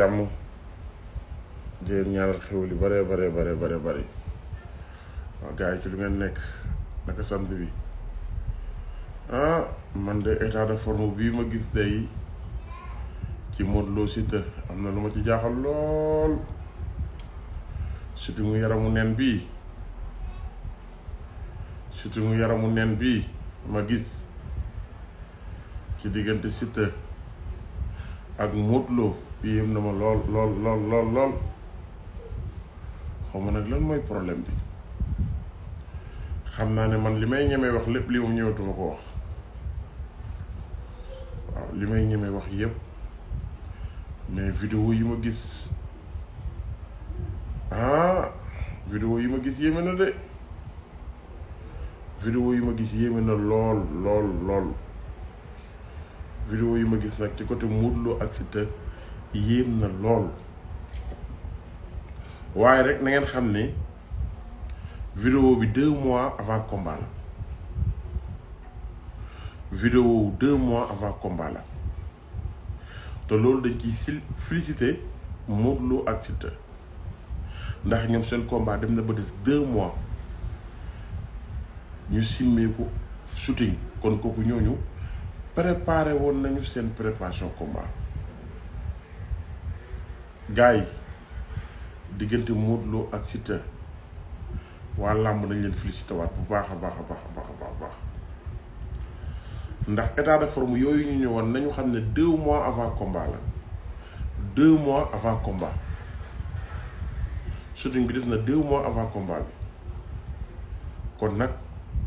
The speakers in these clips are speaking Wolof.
jàmm di leen ñaanal xew li bare bare bare ci lu nekk naka ah, man de état bii ma gis day ci Modou Lo am na lu ma ci jaaxal lool surtout mu yaramu nen bii surtout mu yaramu nen bii ma gis ci diggante Siteu ak Modou yéem na ma lool lool lool lool lool xaw ma nag lan mooy problème bi xam naa ne man li may ñemee wax lépp li moom ñëwatuma ko wax waaw li may ñemee wax yépp mais vidéo yi ma gis ah vidéo yi ma gis yéeme na de vidéo yi ma gis yéeme na lool lool lool vidéo yi ma gis nag ci côté Modou Lo ak Siteu yéem na lool waaye rek na ngeen xam ne vidéo bi deux mois avant combat la vidéo deux mois avant combat la te loolu dañ ciy félicité Modou ak Siteu ndax ñoom seen combat dem na ba des deux mois ñu simmeeku shooting kon kooku ñooñu préparé woon nañu seen préparation combat gars yi diggante Modou Lo ak Siteu waa làmb nañ leen félicité waat bu baax a baax a baax a baax a baax ndax état de forme yooyu ñu ñëwoon nañu xam ne deux mois avant combat la deux mois avant combat shooting bi def na deux mois avant combat bi kon nag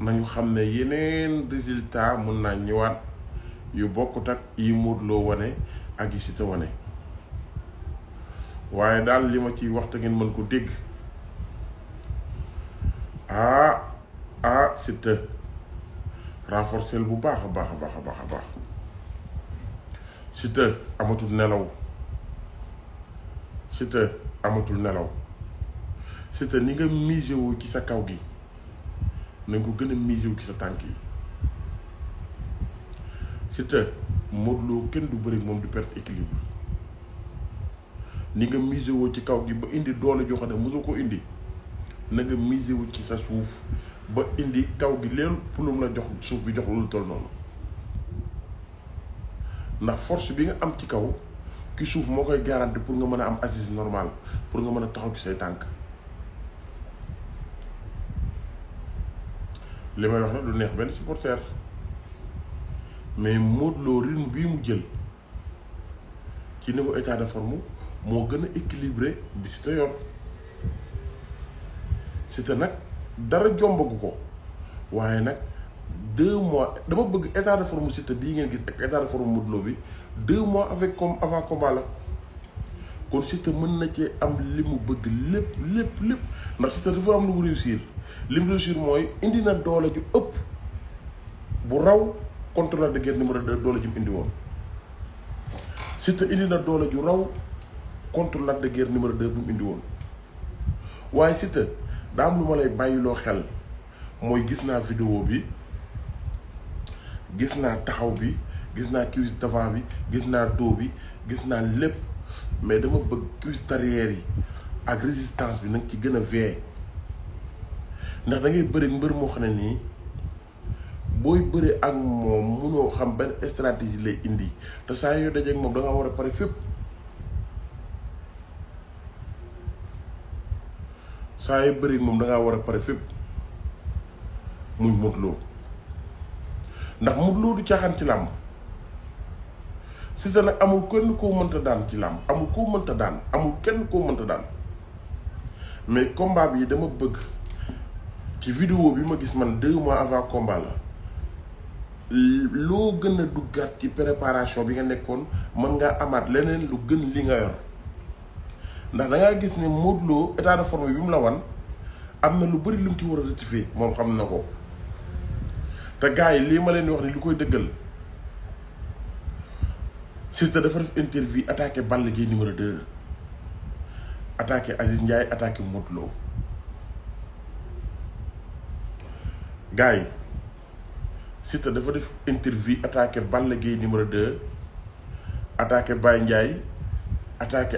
nañu xam ne yeneen résultat mën naa ñëwaat yu bokkut ak yi Modou Lo wane ak yi Siteu wane. waaye daal li ma ci waxta ngeen mën ko dégg ah ah Siteu renforcer bu baax a baax a baax a baax a baax Siteu amatul nelaw Siteu amatul nelaw Siteu ni nga miser wu ci sa kaw gi nañ ko gën a miser wu ci sa tànk yi kenn du bëri moom du perte équilibre ni nga misé woo ci kaw gi ba indi doole joo xam ne mosoo ko indi na nga misé ci sa suuf ba indi kaw gi leen pour mu la jox suuf bi jox lu toll noonu ndax force bi nga am ci kaw ki suuf moo koy garanti pour nga mën a am assise normale pour nga mën a taxaw ci say tànk. li may wax na du neex benn supporter mais Modou Lo rythme bii mu jël ci niveau état de forme. moo gën a équilibré bi si te yor nag dara jombagu ko waaye nag deux mois dama bëgg état de forme si te bii ngeen gis ak état de forme Modou bi deux mois avec comme avant combat la kon si mën na cee am li mu bëgg lépp lépp lépp ndax si te dafa am lu mu réussir li mu réussir mooy indi na doole ju ëpp bu raw contre la de guerre numéro deux doole ji mu indi woon si te indi na doole ju raw contre Lac de Guiers numéro 2 bu mu indi woon waaye Siteu daa am lu ma lay bàyyiloo xel mooy gis naa vidéo bi gis naa taxaw bi gis naa cuisse d'avant bi gis naa dos bi gis naa lépp mais dama bëgg cuisse arrière yi ak résistance bi nag ci gën a veillé ndax da bëri mbër moo xam ne nii booy bëri ak moom munoo xam benn stratégie lay indi te saa yoo dajee moom da nga war a pare fépp. saa yu bëri moom da war a pare fépp muy Modou Lo ndax Modou Lo du caaxaan ci làmb Siteu nag amul kenn koo mënta daan ci làmb amul koo mënta daan amul kenn koo mënta daan mais combat bi dama bëgg ci vidéo bi ma gis man deux mois avant combat la loo gën a duggaat ci préparation bi nga nekkoon mën ngaa amaat leneen lu gën li nga yor ndax da gis ne Modou Lo état forme bi mu la wan am na lu bari lu mu ci war a rectifier moom xam na ko te gars yi lii ma leen wax ni lu koy dëggal Siteu dafa def interview attaqué Balla Gaye numéro 2 attaqué Aziz Ndiaye attaqué Modou Lo yi Siteu dafa def interview attaqué Balla Gaye numéro 2 attaqué Baye Ndiaye attaqué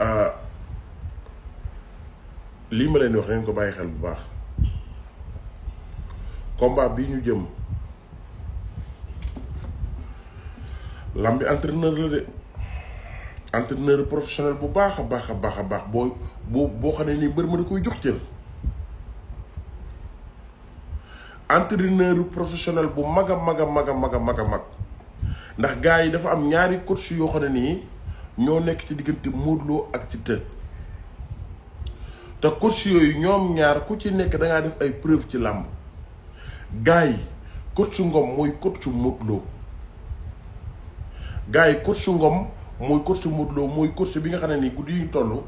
Euh, lii ma leen wax nañ ko bàyyi xel bu baax combat bi ñu jëm lambi entraîneur la de entraîneur professionnel bu baax a baax a baax a baax boo boo boo xam ne nii mbër ma da koy jox cër entraîneur professionnel bu mag a mag a mag a mag a mag ndax gars yi dafa am ñaari coach yoo xam ne nii. ñoo nekk ci diggante modlo ak ci te coach yooyu ñoom ñaar ku ci nekk da ngaa def ay preuve ci làmb gaay yi coach Ngom mooy coach modlo gaay gars coach Ngom mooy coach modlo Lo mooy coach bi nga xam ne nii guddi yi ñu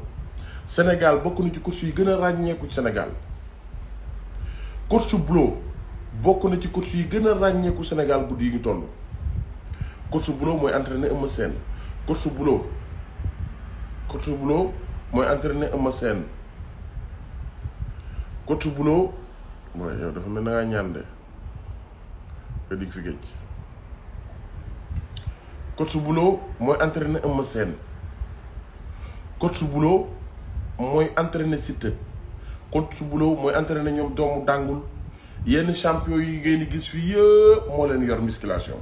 Sénégal bokk na ci coach yi gën a ràññeeku ci Sénégal coach Blo bokk na ci coach yi gën a ràññeeku Sénégal guddi yi ñu toll coach Blo mooy entraîné Eumeu Sène coach Blo Côte Boulot mooy entraîné Eumeu Sène Côte Boulot mooy yow dafa mel na ngaa ñaan de nga dig fi géej Côte Boulot mooy entraîné Eumeu Sène Côte Boulot mooy entraîné Siteu Côte Boulot mooy entraîné doomu dàngul yenn champion yi ngeen di gis fii yëpp moo leen yor musculation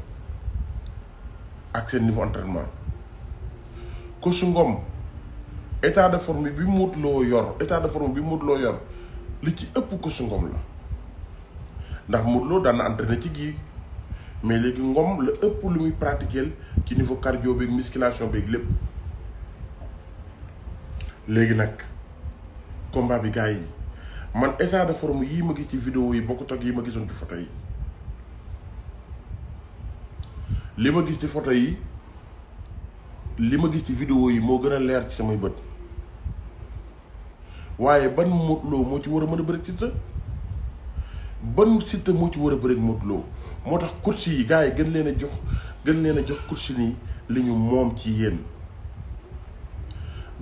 ak seen niveau entraînement coach Ngom état de forme bi Modou loo yor état de forme bi Modou Lo yor li ci ëpp ko Ngom la ndax Modou Lo daan na entraîné ci gii mais léegi Ngom la ëpp lu muy pratiquer ci niveau cardio beeg musculation beeg lépp léegi nag combat bi gars yi man état de forme yii ma gis ci vidéo yi bokkut ak yi ma gisoon ci photo yi li ma gis ci photo yi li ma gis ci vidéo yi moo gën a leer ci samay bët waaye ban Modou moo ci war a mën a bëri Siteu ban Siteu moo ci war a bëri Modou moo tax course yi gars yi gën leen a jox gën leen jox course nii li ñu moom ci yéen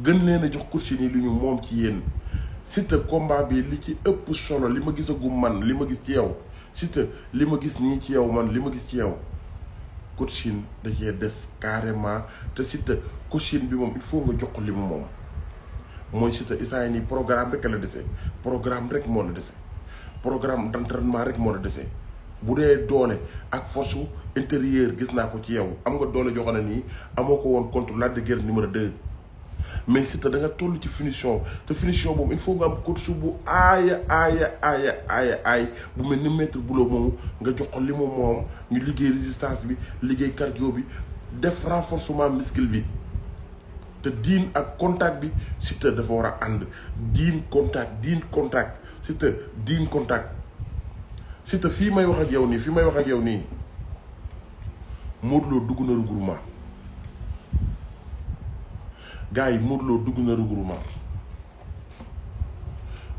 gën leen a jox course nii ñu moom ci yéen Siteu combat bi li ci ëpp solo li ma gisagum man li ma gis ci yow Siteu li ma gis nii ci yow man li ma gis ci yow course da des carrément te Siteu course bi moom il faut nga jox ko li mu moom. mooy Siteu isaan yi nii programme rek la dese programme rek moo la dese programme d'entraînement rek moo la dese bu dee doole ak force intérieur gis naa ko ci yow am nga doole joxoon na nii amoo ko woon contre Lac de numéro de mais Siteu da nga toll ci finition te finition boobu il faut nga am su bu aaya aaya aaya aay bu mel ni maître boulot moomu nga jox ko li mu moom ñu liggéey résistance bi liggéey cardio bi def renforcement muscle bi. te diin ak contact bi Siteu dafa war a ànd diin contact diin contact Siteu diin contact Siteu fii may wax ak yow nii fii may wax ak yow nii modlo Lo dugg na regroupement gars yi Modou Lo dugg na regroupement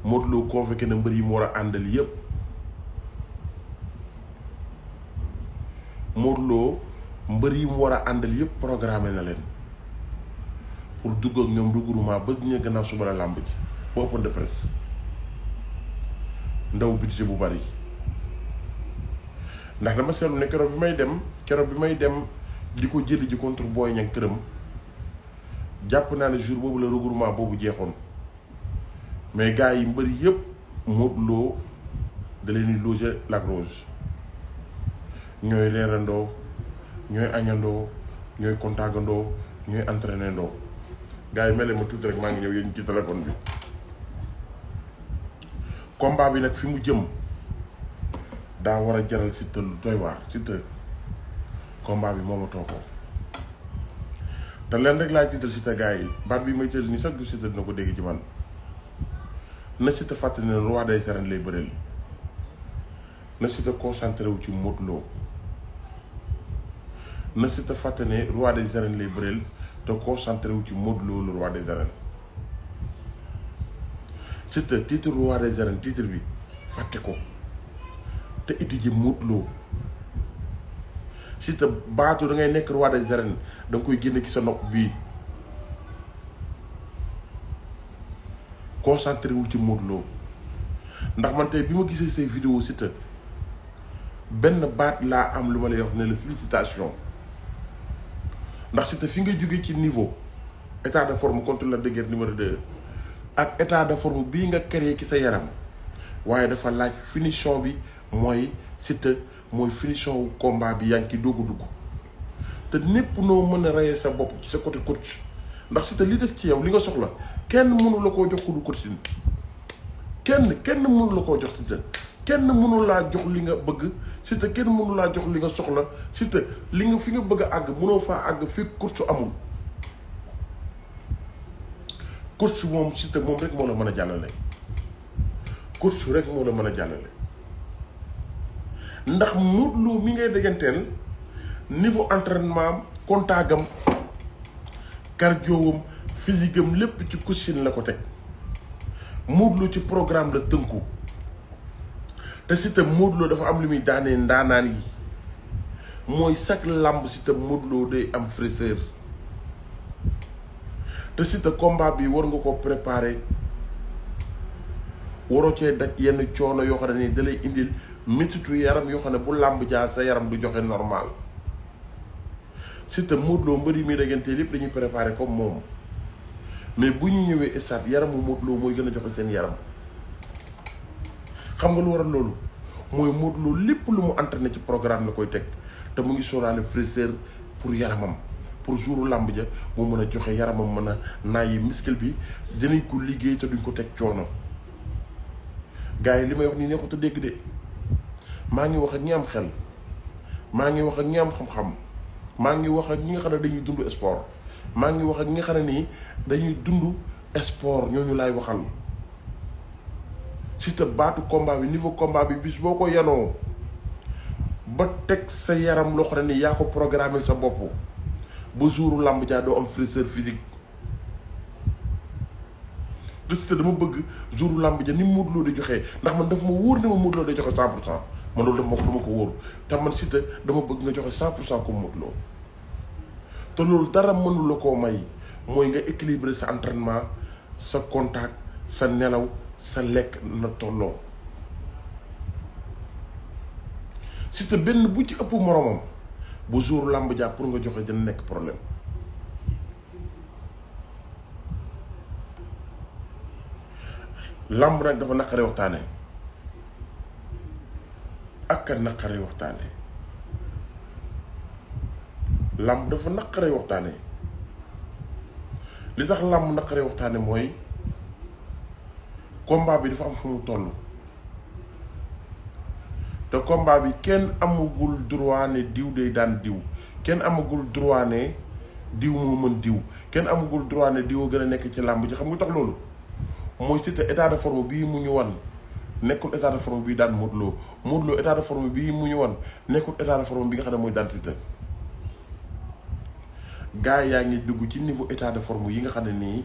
Modou convoqué na mbër yi mu war a àndal yi mu war a àndal na leen pour duggook ñoom regroupement ba ñu gannaaw suba la làmb ji ba open de presse ndaw budget bu bari ndax dama seetlu ne keroog bi may dem keroog bi may dem di ko jëli ji contre booy ña këram jàpp naa ne jour boobu la regroupement boobu jeexoon mais gars yi mbëri yëpp Modou loo da leen di loger Lac ñooy reerandoo ñooy añandoo ñooy kontaagandoo ñooy entraînandoo gars yi mel ma tuuti rek maa ngi ñëw yéen ci téléphone bi combat bi nag fi mu jëm daa war a jaral Siteu lu doy waar Siteu combat bi moom a toogoo te leen rek laay tiital Siteu gars yi baat bi may teel ni sax du Siteu dina ko dégg ci man na Siteu fàttali ne roi des arènes lay bëreel na Siteu concentré wu ci Modou Lo na Siteu fàttali ne roi des arènes lay bëreel te concentré wu ci Modou Lo le roi des arènes Siteu titre roi des arènes titre bi fàtte ko te étudier Modou Lo Siteu baatu da ngay nekk roi des arènes da koy génne ci sa nopp bii concentré wu ci Modou ndax mante bi ma gisee say vidéo Siteu benn baat laa am lu ma lay wax ne la félicitation ndax Siteu fi nga jógee ci niveau état de forme contre Lac de Guiers numéro 2 ak état de forme bii nga créé ki sa yaram waaye dafa laaj finition bi mooy Siteu mooy finition wu combat bi yaa ngi ciy dugg dugg te népp noo mën a reyee sa bopp ci sa côté coach ndax Siteu li des ci yow li nga soxla kenn mënula koo jox ku du coaching kenn kenn mënu la koo jox Siteu kenn mënu laa jox li nga bëgg si te kenn mënu laa jox li nga soxla si te li nga fi nga bëgg àgg mënoo faa àgg fii course amul course moom si te moom rek moo la mën a jàllale course rek moo la mën a jàllale ndax Modou Lo mi ngay dégganteel niveau entraînement kontagam cardiowam physique am lépp ci coaching la ko teg Modou ci programme la tënku te Siteu Modou dafa am lu muy daanee ndaanaan yi mooy chaque làmb sita Modou Lo am fraîcheur te Siteu combat bi war nga ko préparer waroo cee daj yenn coono yoo xam ne ni da indi indil métitu yaram yoo xam ne bu làmb jaa sa yaram du joxe normal Siteu Modou Lo mbër yi muy dagante lépp dañuy préparer comme moom mais bu ñu ñëwee stade yaramu Modou Lo mooy gën a joxe seen yaram xam nga lu waral loolu mooy Modou Lo lépp lu mu entraîné ci programme la koy teg te mu ngi sóoraale fraîcheur pour yaramam pour jouru làmb ja mu mën a joxe yaramam mën a naayi muscle bi dinañ ko liggéey te duñ ko teg coono gars yi li may wax nii neexut a dégg de maa ngi wax ak ñi am xel maa ngi wax ak ñi am xam-xam maa ngi wax ak ñi nga xam ne dañuy dund sport maa ngi wax ak ñi nga nii dañuy dund sport ñooñu laay waxal. Siteu baatu komba bi niveau combat bi bis boo ko yanoo ba teg sa yaram loo xam ne ni yaa ko programmé sa bopp ba jouru làmb jaa doo am fraîcheur physique te Siteu dama bëgg jouru làmb ja ni Modou Lo di joxee ndax man daf ma wóor ne ma Modou Lo day joxe cent pour cent man loolu dama dama ko wóor te man Siteu dama bëgg nga joxe cent pour cent comme Modou Lo te loolu dara mënu la koo may mooy nga équilibrer sa entraînement sa contact sa nelaw sa lekk na tolloo si te benn bu ci ëpp moromam bu jour làmb jàpp pour nga joxe dina nekk problème làmb nag dafa naqari waxtaane ak naqari waxtaane làmb dafa naqari waxtaane li tax làmb naqari waxtaane mooy combat bi dafa am fu mu toll te combat bi kenn amagul droit ne diw day daan diw kenn amagul droit ne diw moo mën diw kenn amagul droit ne diw gën a nekk ci làmb ji xam nga tax loolu mooy ci état de forme bii mu ñu wan nekkul état de forme bii daan Modou Lo Modou état de forme bii mu ñu wan nekkul état de forme bi nga xam ne mooy daan Siteu gars yaa ngi dugg ci niveau état de forme yi nga xam ne nii.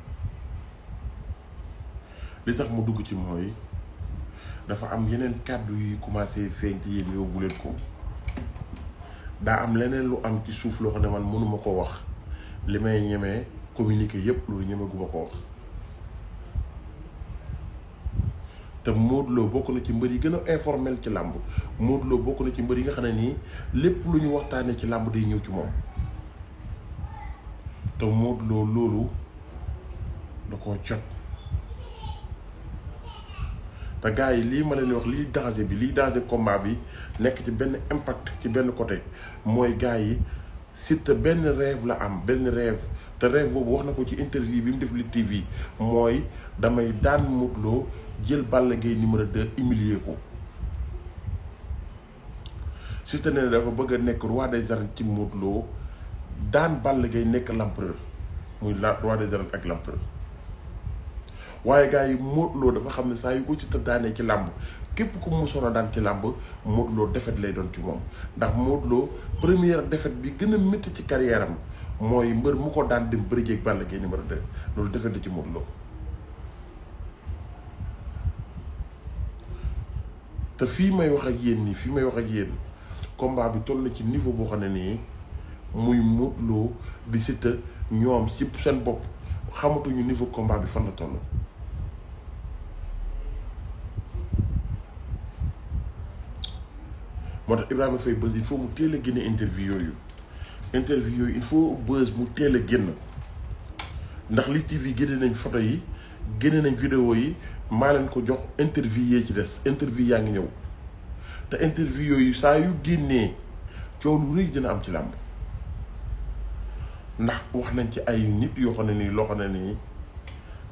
li tax mu dugg ci mooy dafa am yeneen kàddu yi commencé feeñ ci yéen yóbbu leen ko daa am leneen lu am ci suuf loo xam ne man mënuma ko wax li may ñemee communiquer yépp loolu ñemeguma ko wax te Modou Lo bokk na ci mbër yi gën a informel ci làmb Modou bokk na ci mbër yi nga xam ne nii lépp lu ñu waxtaanee ci làmb day ñëw ci moom te Modou Lo loolu da koo jot te gars yi lii ma leen wax lii danger bi lii danger combat bi nekk ci benn impact ci benn côté mooy gars yi Siteu benn rêve la am benn rêve te rêve boobu wax na ko ci interview bi mu def li TV mooy damay daan Modou Lo jël Balla Gaye numéro 2 humilier ko. Siteu ne dafa bëgg a nekk roi des arènes ci Modou daan Balla Gaye nekk l'empereur muy la roi de arènes ak l'empereur waaye gars yi Modou Lo dafa xam ne saa yu ko ci tëddaanee ci làmb képp ku mosoon a daan ci làmb Modou defet lay doon ci moom ndax Modou Lo première défaite bi gën a métti ci carrière mooy mbër mu ko daan dem bëri jéeg Balla Gaye numéro de loolu défaite la ci Modou te fii may wax ak yéen nii fii may wax ak yéen combat bi toll na ci niveau boo xam ne nii muy Modou Lo di Siteu ñoom ci seen bopp xamatuñu niveau combat bi fan la toll. moo tax Ibrahima Faye Buzz il faut mu teel a génne interview yooyu interview yooyu il faut Buzz mu a génn ndax li TV génne nañ foto yi génne nañ video yi maa leen ko jox interview yee ci des interview yaa ngi ñëw te interview yooyu saa yu génnee coow lu rëy dina am ci làmb ndax wax nañ ci ay nit yoo xam ne nii loo xam nii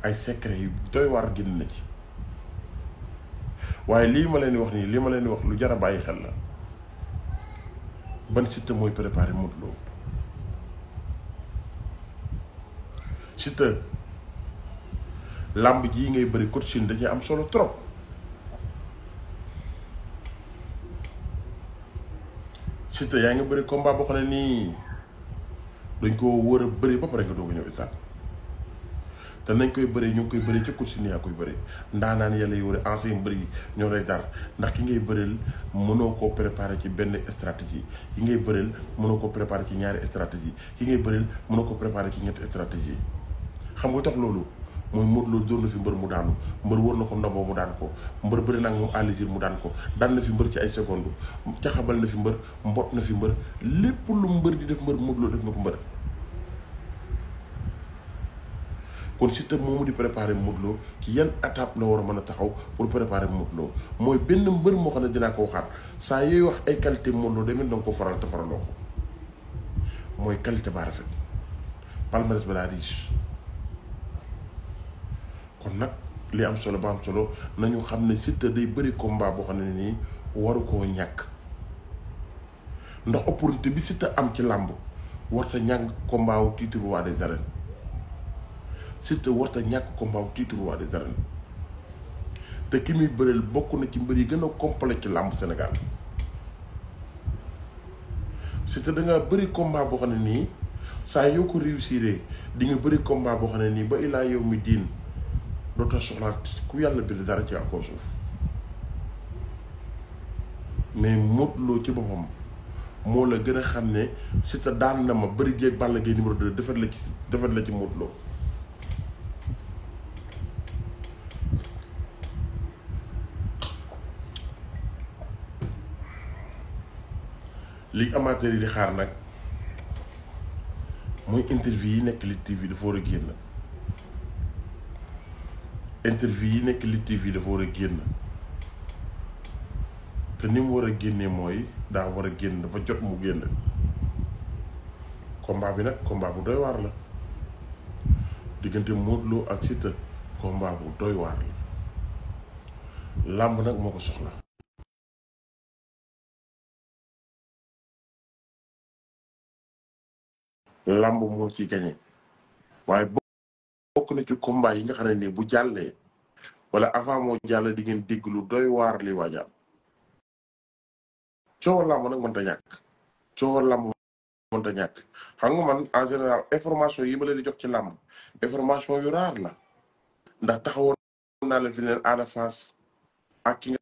ay secret yu doy waar génn na ci waaye lii ma leen wax nii lii ma leen di wax lu jar bàyyi xel la ban Siteu mooy préparé Modou Lo Siteu làmb ji ngay bëri coaching dañuy am solo trop Siteu yaa ngi bëri combat boo xam ne nii dañ ko war a bëri ba pare nga doo ko ñëw isaat te nañ koy bëree ñu ngi koy bëree ca course koy bëree ndaanaan yàlla yi war a ancien mbër yi ñoo lay dar ndax ki ngay bëreel mënoo koo préparé ci benn stratégie ki ngay bëreel mënoo ko préparé ci ñaari stratégie ki ngay bëreel mënoo ko préparé ci ñetti stratégie xam nga tax loolu mooy Modou Lo doon na fi mbër mu daanu mbër war na ko ndombo mu daan ko mbër bëri na ak moom mu daan ko daan na fi mbër ci ay seconde caxabal na fi mbër mbot na fi mbër lépp lu mbër di def mbër Modou Lo def na kon Siteu moomu di préparer Modou Lo ci yan étape la war a mën a taxaw pour préparer Modou Lo mooy benn mbër moo xam ne dinaa ko waxaat saa yooyu wax ay qualité Modou Lo demit danga ko faral te faraloo ko mooy qualité ba rafet palmarès ba daa riche kon nag li am solo ba am solo nañu xam ne Siteu day bëri combat boo xam ne nii waru koo ñàkk ndax opportunité bi Siteu am ci làmb warta ñàkk combat wu titre roi des arènes Siteu warta ñàkk combat tiitu roi des arènes te ki muy bëreel bokk na ci mbër yi gën a complet ci làmp Sénégal Siteu da bari bëri boo xam ne nii saa yoo ko réussiré di nga bëri combat boo xam ne nii ba ilaa yow mi diin dootoo soxlaat ku yàlla bind dara ci akoo suuf mais Modou ci boppam moo la gën a xam ne Siteu daan na ma bari géeg Balla Gaye numéro 2 defet la ci defet la ci Modou lii amateur yi di xaar nag muy interview yi nekk Lutte TV dafa war a génn interview yi nekk Lutte TV dafa war a génn te ni mu war a génnee mooy daa war a génn dafa jot mu génn combat bi nag combat bu doy waar la diggante Modou Lo ak Siteu combat bu doy waar la làmb nag moo ko soxla lamb mo ci gagné waye bokku na ci combat yi nga xamné ni bu jallé wala avant mo jallé di ngeen dégg lu doy war li waajaam coowal lamb nag mënta ñàkk coowal lamb ta ñak xam nga man en général information yi ma leen di jox ci lamb information yu rar la ndax taxawon na la fi leen Ada face ak ki nga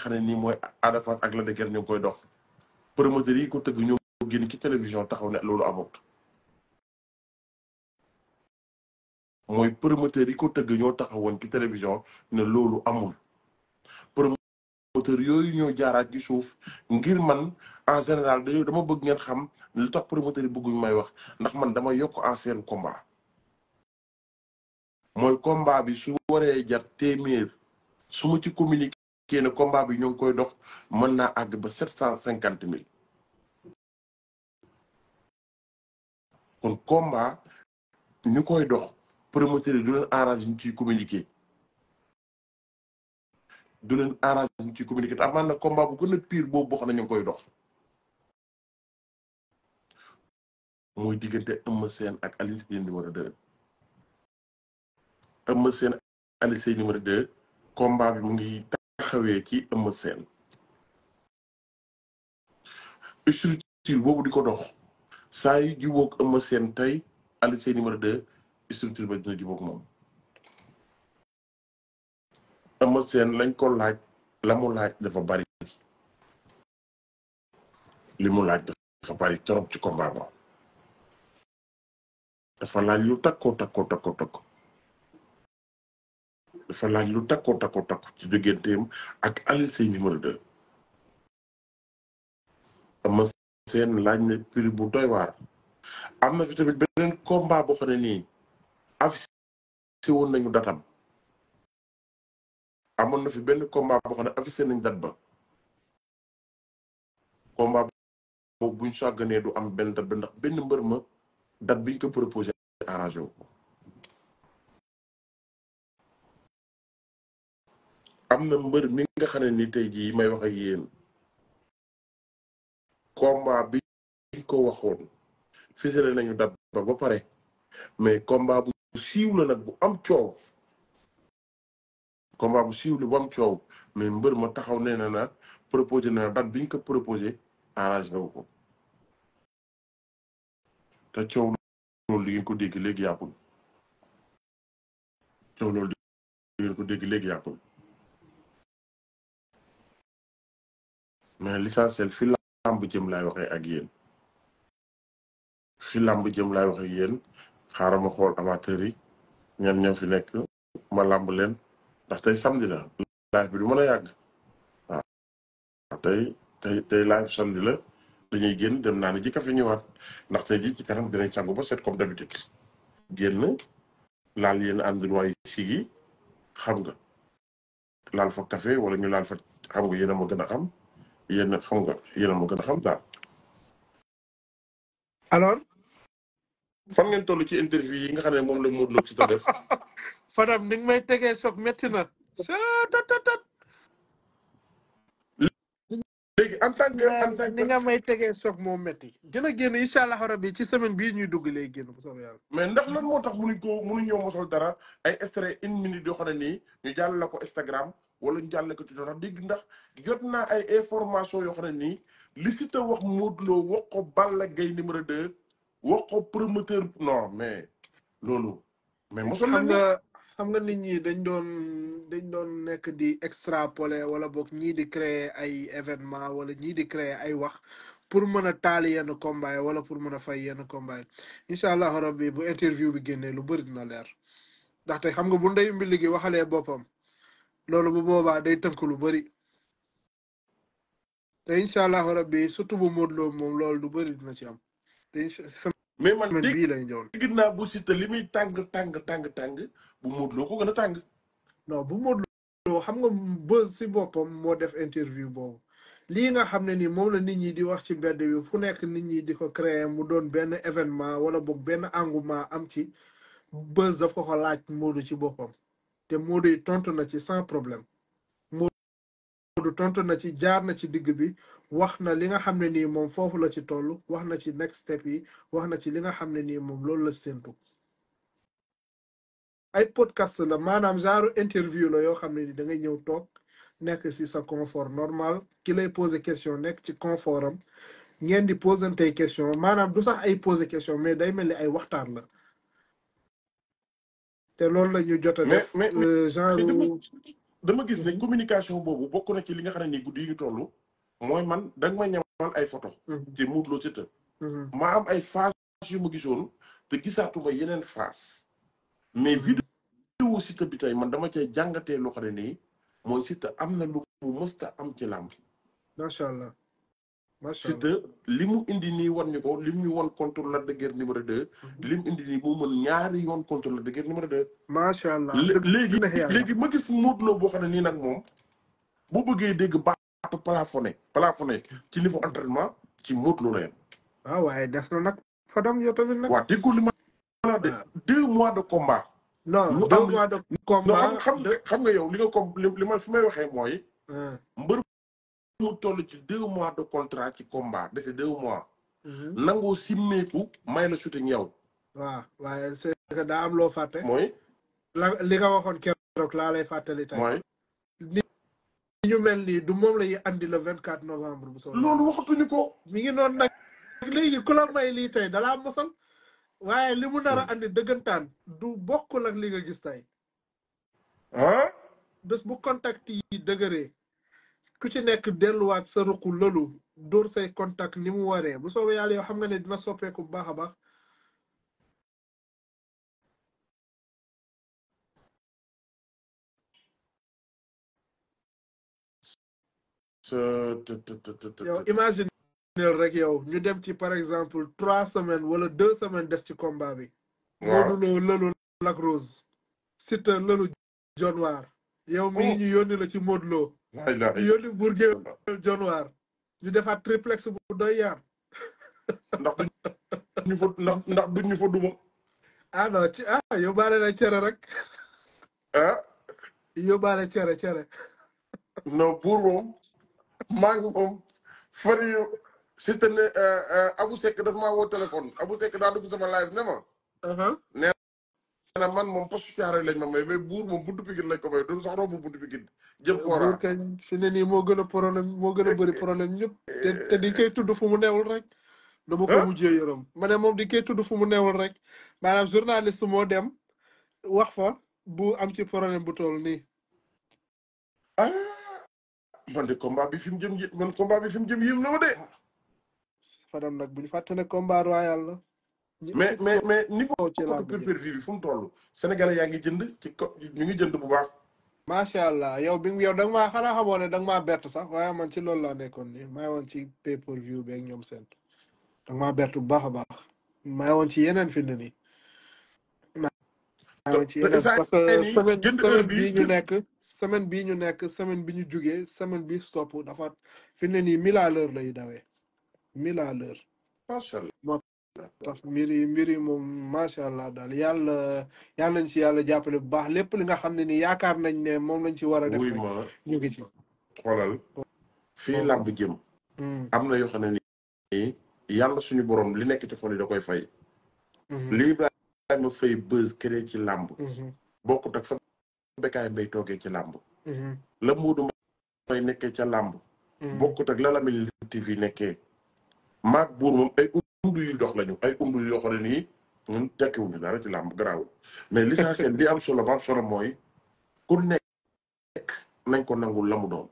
xamné ni moy ala Ada ak la de guerre ñu koy dox promoteur yi ko tëgg ñu génn ki télévision taxaw ne lolu amut mooy promoteur yi ko tëgg ñoo taxawoon ci télévision ne loolu amul promoteur yooyu ñoo jaaraat ci suuf ngir man en général da dama bëgg ngeen xam lu tax promoteur yi bëgguñ may wax ndax man dama yokk en seen combat mooy combat bi su waree su ma ci communiqué ne combat bi ñu ngi koy dox mën naa àgg ba sept cent cinquante mille kon combat ñu koy dox promoteur yi du leen arrange ci ciy communiqué du leen arrange ñu communiqué te amaan combat bu gën a boobu boo xam ñu koy dox mooy diggante Eumeu Sène ak Alioune numéro 2 Eumeu Sène numéro 2 combat bi mu ngi taxawee ci Eumeu Sène boobu di ko dox saa yi jubóog Eumeu Sène tey Alioune numéro 2 structure ba dina jubóog moom ama seen lañ ko laaj la laaj dafa bari li laaj dafa bari trop ci combat ba dafa laaj lu takkoo takkoo takkoo takkoo dafa laaj lu takkoo takkoo takkoo ci digganteem ak seen laaj ne prix bu doy waar am na fi tamit beneen combat boo xam ne nii affiché nañu datam amoon na fi benn combat boo xam ne affiché dat ba combat boobu buñ sàgganee du am benn dat ba ndax benn mbër ma dat biñ ko proposé arrangé am na mbër mi nga xam ne ni tey jii may wax ak yéen combat bi ko waxoon fisale nañu dat ba ba pare mais combat bu siiw la nag bu am coow combat bu siiw la bu am coow mais mbër ma taxaw ne na na proposé na date biñ ko proposé arrangé na ko te coow loolu di ngeen ko coow loolu di ngeen ko dégg léegi yàqul mais l'essentiel làmb jëm laay waxee ak yéen fi làmb jëm laay waxee ak xaaral ma xool amateur yi ñan ñoo fi nekk ma làmb leen ndax tey samedi la live bi du mën a yàgg waaw tey tey tey live samedi la dañuy génn dem naa ne ji kafe ñëwaat ndax tey ji ci kanam dinañ sangu bo set comme d'habitude génn laal yéen endroit yi sigi xam nga laal fa café wala ñu laal fa xam nga yéen a gën a xam yéen xam nga yéen a ma a xam daal alors fan ngeen tollu ci interview yi nga xam mom la modlo ci ta def. Fadam ni ngi may tegee soog metti na. léegi en tant que en tant que ni nga may tegee soog moo dina allah ci semaine bii ñuy dugg lay génn bu soobee yàlla. mais ndax lan moo tax mënuñ ko mënuñ ñoo mosal dara ay extrait une minute ñu la ko Instagram wala ñu jàll la ko ci doon dégg ndax jot naa ay information yoo xam ne li ta wax wax ko Balla numéro 2. wax ko promoteur non mais loolu. mais mosoon nañu xam nga xam nga nit ñi dañ doon dañ doon nekk di extrapoler wala boog ñii di créer ay événement wala ñii di créer ay wax. pour mën a taali yenn combat wala pour mën a fay yenn combat yi incha allahu rabbi bu interview bi génnee lu bëri dina leer ndaxte xam nga bu ndey mbili gi waxalee boppam loolu bu boobaa day tënk lu bari te incha allahu rabbi surtout bu Modou Lo moom loolu lu bëri dina ci mais man bii lay ñëw dégg bu Siteu li muy tàng tàng tàng tàng bu Modou Lo ko gën a tàng. non bu Modou Lo xam nga bës si boppam moo def interview boobu lii nga xam ne ni moom la nit ñi di wax ci mbedd bi fu nekk nit ñi di ko créer mu doon benn événement wala boog benn engouement am ci bës daf ko ko laaj Modou ci boppam te Modou yi tontu na ci sans problème Modou tontu na ci jaar na ci digg bi. wax na li nga xam ne nii moom foofu la ci toll wax na ci next step yi wax na ci li nga xam ne nii moom loolu la séntu ay podcast la maanaam genre interview la yoo xam ne ni da ngay ñëw toog nekk si sa confort normal ki lay poser question nekk ci confort am ngeen di pose posantey question maanaam du sax ay poser question mais day mel ni ay waxtaan la te loolu la ñu jot a def euh, genre dama gis ne communication boobu bokk na ci li nga xam ne ni guddi yi ñu toll mooy man da ma ñamal ay photo ci mhm. Modou Lo Siteu mhm. ma am ay phase yu ma gisoon te gisaatuma yeneen phase mais mhm. vidéo Siteu bi tey man dama cay jàngatee loo xam ne nii mooy Siteu am na lu mu mësta am ci làmb macha allah macha allah li mu indi nii wan ñu ko li mu wan contre Lac de Guiers numéro deux li mu indi nii moo mën ñaari yoon contre Lac de Guiers numéro deux macha allah léegi léegi ma gis Modou Lo boo xam ne nii nag moom boo bëggee dégg a plafonné plafonné ci niveau entraînement ci Modou Lo la yem. waaw ah waaye des na nag Fadam yow tamit nag. waaw déggoo ah. mois de combat. non deux mois de combat xam nga xam nga yow li nga ko li ma fi may waxee mooy. Ah. mbër mu toll ci deux mois de contrat ci combat dese deux mois. Mhm. nangoo simmeeku may la shooting yow. waaw waaye c'est que daa am loo fàtte. mooy. la li nga waxoon keroog laa lay fàttali ñu mel nii du moom la ñuy andi la vingt quatre novembre bu soobee. loolu waxatuñu ko. mi ngi noonu nag léegi ku may lii tey dalaa mosal waaye li mu nar a andi dëggantaan du bokk ak li nga gis tey. ah. bés bu contact yi dëgëree ku ci nekk delluwaat sa ruqu lolu dóor say contact ni mu waree bu soobee yàlla yow xam nga ne dina soppeeku bu baax a baax. yow imagine rek yow ñu dem ci par exemple trois semaines wala deux semaines des ci combat bi Modou Lo Rose Siteu lëlu John Waar yow mii oh. ñu yónni la ci Modou Lo ñu yónni ñu defaat triplex bu doy yaar ndax duñu fa ndax ndax duñu fa duma ah non ci ah, cere rek ah yóbbaale cere cere non pour maa ngi moom fan yii Siteu ne euh, euh, Abou Seck daf maa woo téléphone Abou Seck daa dugg sama live ne ma. Uh-huh. nee man moom poste caaroy lañ ma may mais buur moom buntu Pikine lañ ko may du sax romb buntu Pikine jëm Fora. buur kañ fi moo gën a problème moo gën a bëri problème ñëpp. te te di koy tudd fu mu newul rek. dama ko mujjee yërëm ma ne moom di koy tudd fu mu newul rek maanaam journaliste moo dem wax fa bu am ci problème bu toll nii. Ah! man de combat bi fi mu jëm man combat yim na ma de. Fadam nag bu ñu fàtte ne combat royal la. mais mais mais niveau. ci la pay-per-view bi fu mu toll. Sénégalais yaa ngi jënd ci co ñu ngi jënd bu baax. macha allah yow bi yow da nga maa xanaa xamoo ne da maa bett sax waaye man ci loolu laa nekkoon nii maa woon ci pay-per-view beeg ñoom seen. da nga maa bett bu baax a baax. maa ci yeneen fi mu ne parce que semaine semaine bii nekk. semaine bi ñu nekk semaine bi ñu jugee semaine bi stop dafa fi ne nii mille à lay dawee mille à l'heure macha allah moo yi mbir yi moom macha allah daal yàlla yàlla nañ ci yàlla jàppale bu baax lépp li nga xam ne ni yaakaar nañ ne moom lañ ci war a def ñu ngi ci xoolal fii làmb jëm hmm. am na yoo xam ne suñu borom li nekk ci fon yi koy fay hmm. li Ibrahima fay buzz créé ci làmb hmm. bokkut ak fa Bécaye Mbaye toogee ci làmb mm-hmm. la Modou Mbaye nekkee ca làmb mm-hmm. bokkut ak la Lamine TV nekke maag buur moom ay umb yu dox lañu ay umb yoo xam ne nii làmb garaawul mais l'essentiel bi am solo ba solo mooy ku nekk nañ ko nangul la mu doon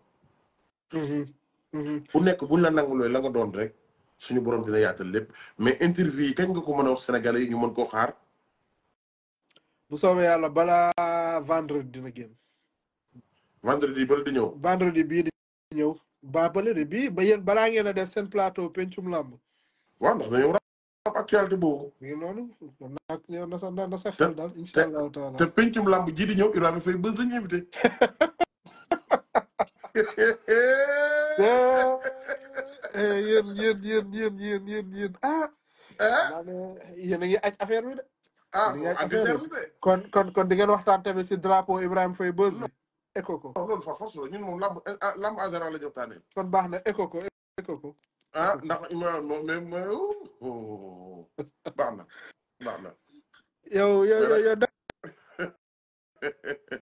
mm-hmm. ku nekk buñ la nanguloo la nga doon rek suñu borom dina yaatal lépp mais interview yi kañ nga ko mën a wax yi ñu mën koo xaar bu soobee yàlla balaa vendredi dina génn. vendredi bële di ñëw. vendredi bii di ñëw. ba ba yéen balaa ngeen a def seen plateau pencum làmb. waaw ndax dañoo rab actualité boobu. mi noonu na na sa na sa xel daal te pencum làmb jii di ñëw Ibrahima Faye bës dañu invité. Eh, yéen yéen yéen yéen yéen yéen ah. ah yéen a ngi aj affaire bi de. ah, ah kon kon kon di ngeen waxtaan tamit si drapeau Ibrahima Faye Boz bi. éco la ñun eh, ah, la jotaane. kon baax na éco ko éco ko. ah ndax moom mais moom baax na yow yow yow.